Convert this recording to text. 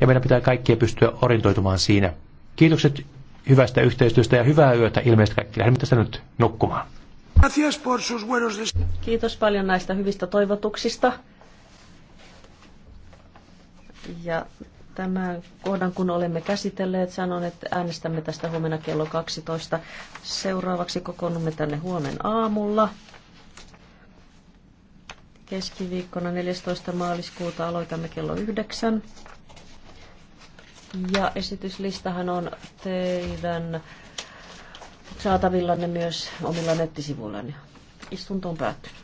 ja meidän pitää kaikkien pystyä orientoitumaan siinä. Kiitokset hyvästä yhteistyöstä ja hyvää yötä ilmeisesti kaikki. Lähdemme tästä nyt nukkumaan. Kiitos paljon näistä hyvistä toivotuksista. Ja tämän kohdan, kun olemme käsitelleet, sanon, että äänestämme tästä huomenna kello 12. Seuraavaksi kokoonnumme tänne huomen aamulla. Keskiviikkona 14. maaliskuuta aloitamme kello 9. Ja esityslistahan on teidän saatavillanne myös omilla nettisivuillanne. Istunto on päättynyt.